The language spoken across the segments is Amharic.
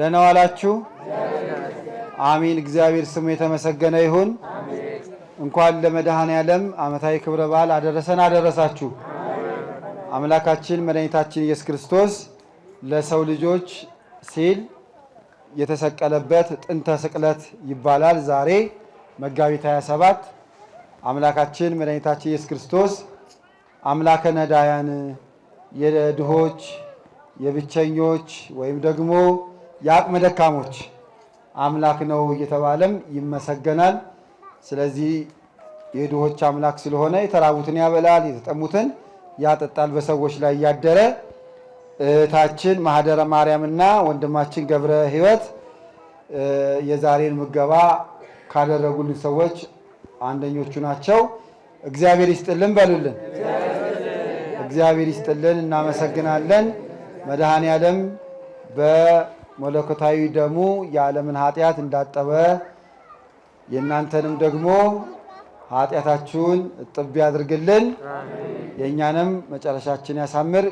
ደህና ዋላችሁ። አሚን። እግዚአብሔር ስሙ የተመሰገነ ይሁን። እንኳን ለመድኃኔ ዓለም ዓመታዊ ክብረ በዓል አደረሰን አደረሳችሁ። አምላካችን መድኃኒታችን ኢየሱስ ክርስቶስ ለሰው ልጆች ሲል የተሰቀለበት ጥንተ ስቅለት ይባላል። ዛሬ መጋቢት 27 አምላካችን መድኃኒታችን ኢየሱስ ክርስቶስ አምላከ ነዳያን የድሆች የብቸኞች ወይም ደግሞ የአቅመ ደካሞች አምላክ ነው እየተባለም ይመሰገናል። ስለዚህ የድሆች አምላክ ስለሆነ የተራቡትን ያበላል፣ የተጠሙትን ያጠጣል። በሰዎች ላይ ያደረ እህታችን ማህደረ ማርያምና ወንድማችን ገብረ ሕይወት የዛሬን ምገባ ካደረጉልን ሰዎች አንደኞቹ ናቸው። እግዚአብሔር ይስጥልን በሉልን። እግዚአብሔር ይስጥልን። እናመሰግናለን። መድኃኔ ዓለም በ መለኮታዊ ደሙ የዓለምን ኃጢአት እንዳጠበ የእናንተንም ደግሞ ኃጢአታችሁን እጥብ ያድርግልን፣ የእኛንም መጨረሻችን ያሳምር።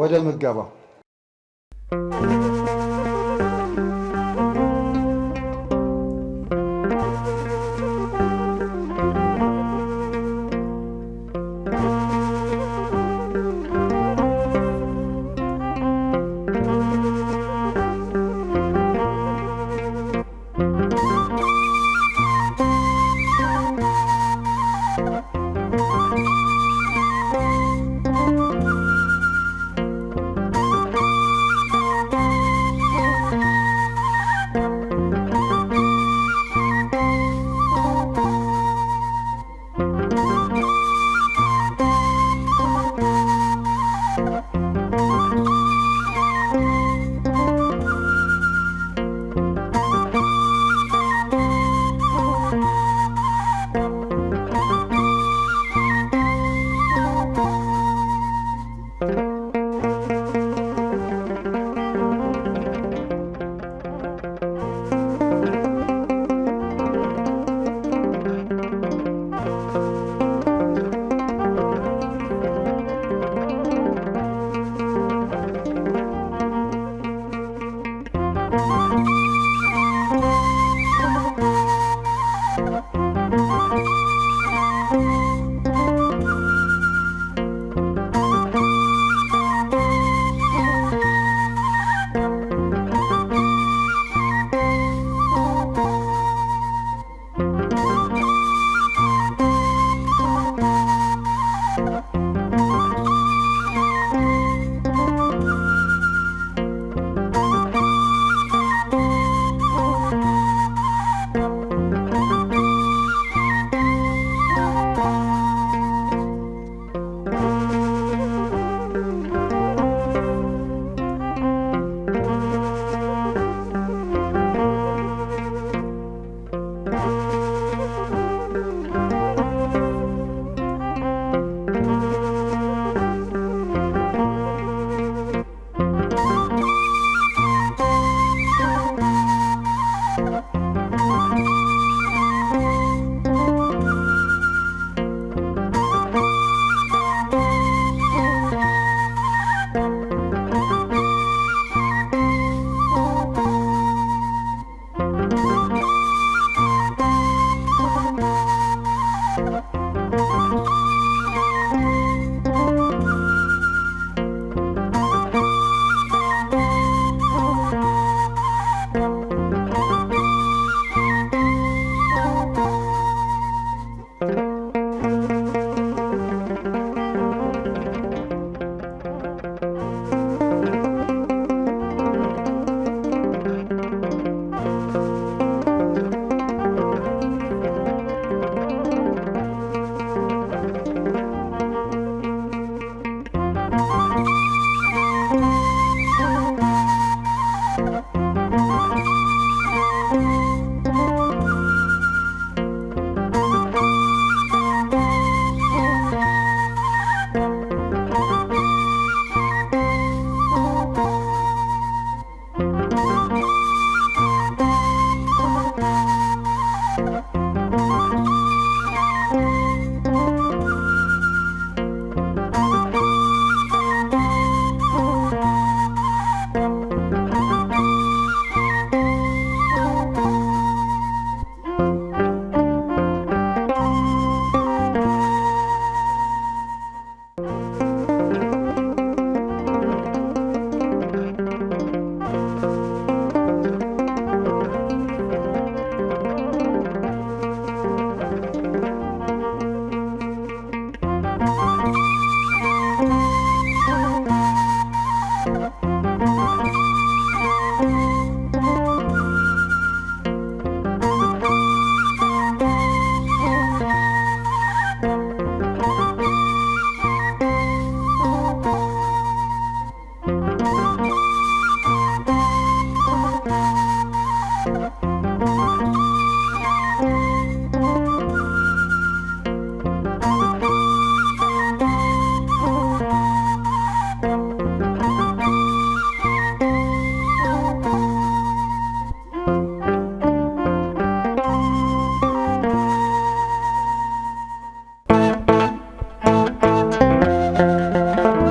ወደ ምገባው